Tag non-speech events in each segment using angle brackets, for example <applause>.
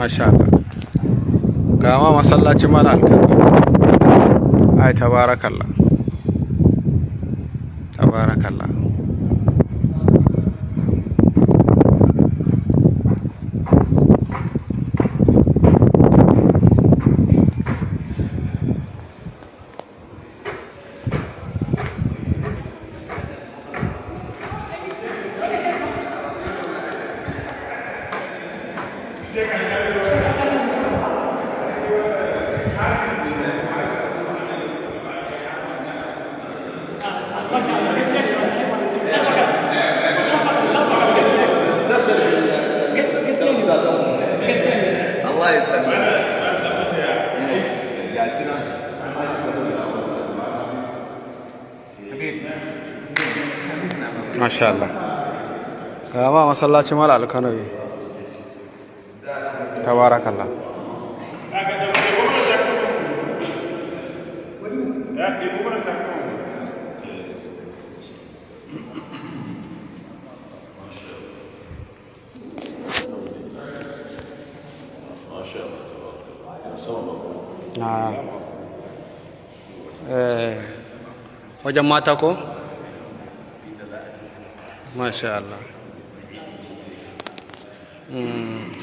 masha Allah ga ma masallaci mana alƙaƙa ai tabarakallah tabarakallah الله يسلمك يا شنو ما شاء الله كما ما صلى الله على الكنوي تبارك الله Yeah, people want to talk. na ah. eh, wajen mata ko? masha Allah hmm.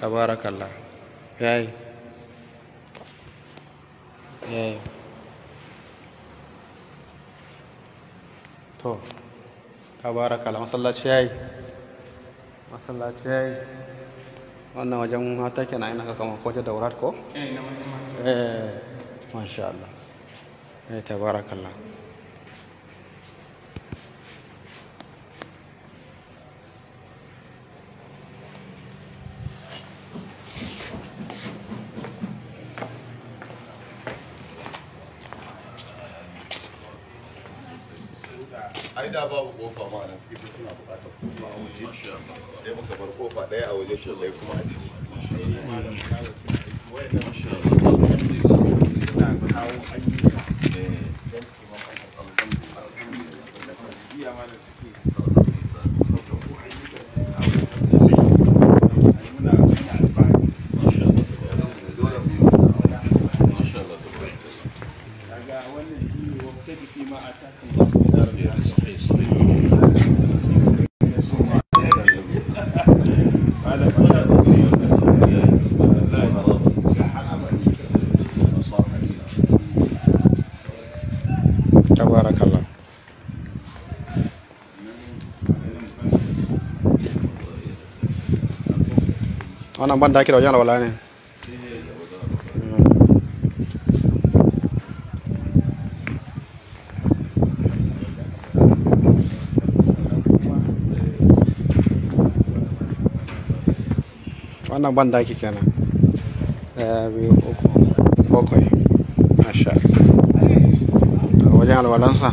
tabarakallah yayi yayi to tabarakala masallaci yayi masallaci yayi wannan wajen mata kenan ina ka kama kwaje da wurat ko eh, eh masha Allah eh tabarakallah kuma a wannan ban daki da wajen alwala ne wannan ban daki kenan daya eh, biyu uku bakwai wajen alwalansa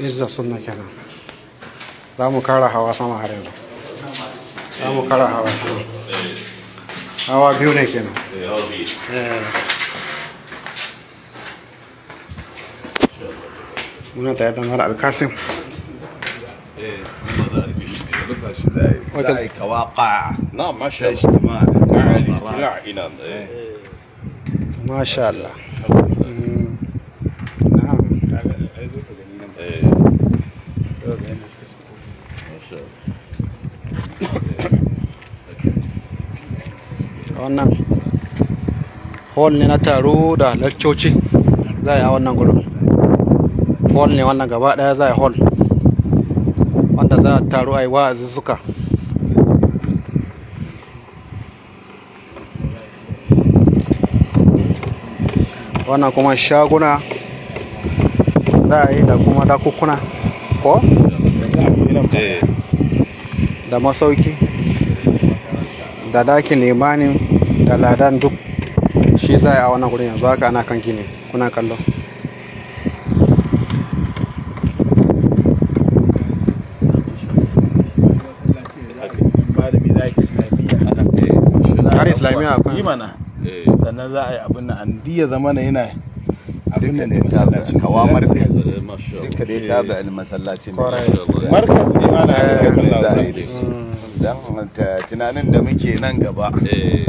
izza sunna kenan za mu kara hawa sama har yanzu za mu kara hawa sama hawa biyu ne kenan muna tare da mara alkasim وكذا كواقع نعم ما شاء الله اجتماع ما شاء الله wannan hall ne na taro da lakcoci za a yi a wannan gurin hall ne wannan gaba daya za a yi hall wanda za a taro a yi wa'azi suka wannan kuma shaguna za a yi da kuma dakukuna ko? da masauki da dakin limanin da ladan duk shi za a yi a wannan gurin yanzu haka ana kan gini kuna kallo har islamiyya a yi imana eh. sannan za a yi abin na andiya zama na yana abin da ya tada hawa marka duka da ya tada ilin masallacin marka su ne da ya yi tunanin da muke nan gaba eh.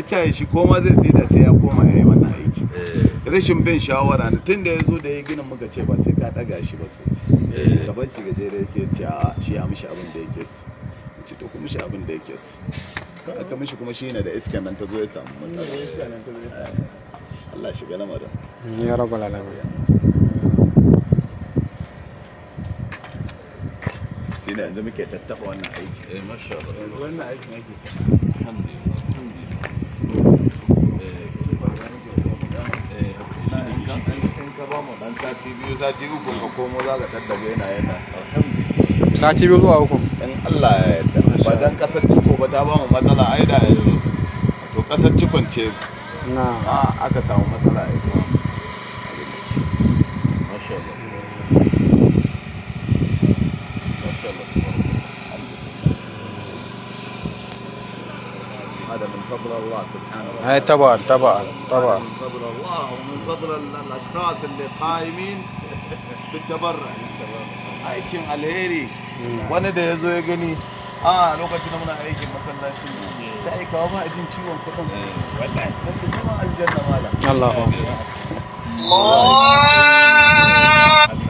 ai cewa shi koma zai tsaye da sai ya koma ya yi wannan aiki eh. rashin bin shawara ne tun da ya zo da ya gina muka ce ba sai ka daga shi ba sosai gaban eh. shi jere sai ce a shi ya mishi abin da yake ce to kuma shi abin da yake so aka mishi kuma shi ne da iska nan ta zo ya samu matsala ka ba mu dan sati biyu sati uku ka komo za ka yana yana sati biyu zuwa uku in Allah ya yarda ba dan kasar ciko ba ta ba mu matsala ai da yanzu to kasar cikon ce na aka samu matsala ai to masha Allah masha Allah فضل الله سبحانه وتعالى. اي طبعا طبعا طبعا. من فضل الله ومن فضل الاشخاص اللي قايمين بالتبرع. هاي كم الهيري وانا دي زوي قني اه لغه من عليك ما كنا شيء تعي ما اجي شيء وانت ولا انت ما الجنه الله اكبر الله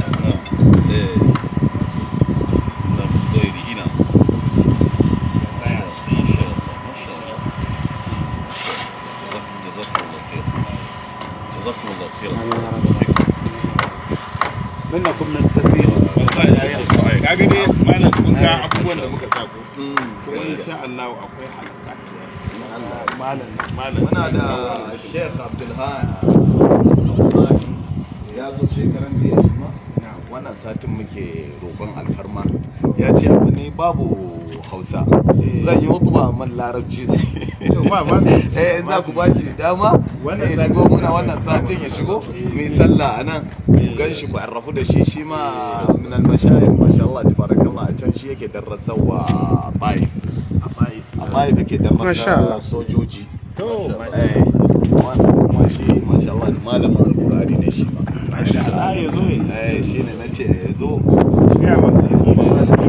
kaga da muka sako Allah akwai halaka muna da Sheikh ya zo shekaran da ya shi ma wannan satin muke roƙon alfarma ya ce abu ne babu hausa eh. zan yi hutuba man larabci <laughs> <laughs> eh za ku ba shi dama ya shigo muna wannan satin ya shigo eh. mai sallah a nan eh. gan shi ku arrafu da shi shi ma min almashayin masha Allah tabarakallah a can shi yake a bayi a bayi da ke darasar sojoji wannan kuma shi masha Allah malamin alfahari ne shi a ya zo ya shi ne na ce eh, ya zo ya ba ya zo ba ya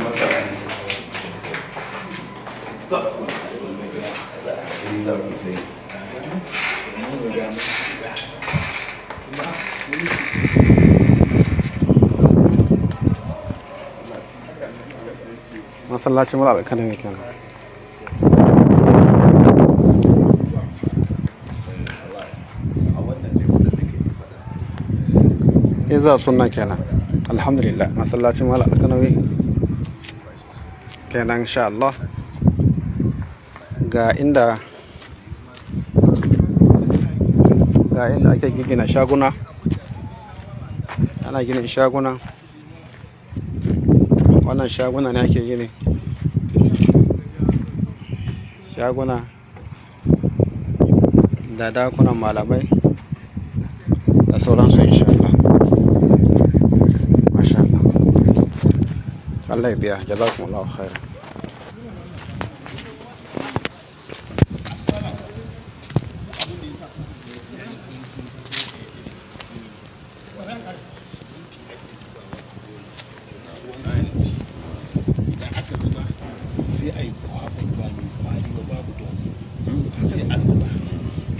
masallacin mura kanin yake nan iza eh, sunna kenan alhamdulillah masallacin mura alkanawi kenan insha Allah ga inda ga inda ake gina shaguna ana ginin shaguna wannan shaguna ne ake gini shaguna da dakunan malamai da sauransu insha Allah Allah ya biya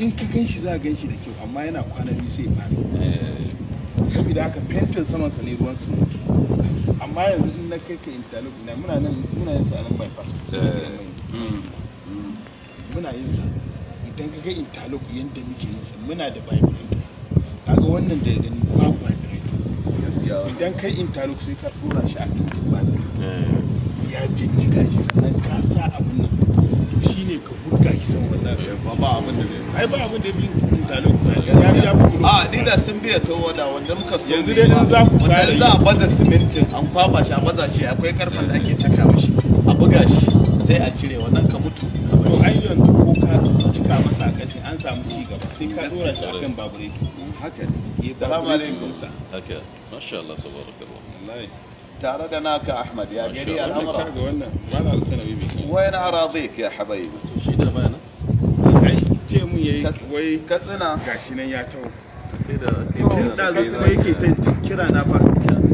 in ka gan shi za gan shi da kyau amma yana kwana biyu sai fara saboda haka fentin saman sa ne ruwan su amma yanzu in na kai ka intalo na muna nan muna yin sa a nan eh. muna yin sa idan ka kai intalo yanda muke yin sa muna da vibrator kaga wannan da ya gani babu vibrator idan kai intalo sai ka dora shi a kan ba eh. ya jijjiga shi sannan ka sa abun nan to shine ka wallahi eh, ba abin da ai ba abin da bi mutane ku ya ku a ni da sun biya to wada wanda muka so yanzu dai za ku kare za a baza simintin an kwaba shi a baza shi akwai karfan da ake caka mashi a buga shi sai a cire wannan ka mutu to ai yanzu ko ka cika masa a kashi an samu ci gaba sai ka dora shi akan babure haka ne assalamu alaikum haka masha Allah tabarakallah wallahi tare da naka Ahmad ya gari al'amura a aradik ya habayibi shi da bayana ai ce yayi wai katsina gashi nan ya taho da kai da yake ta kira na fa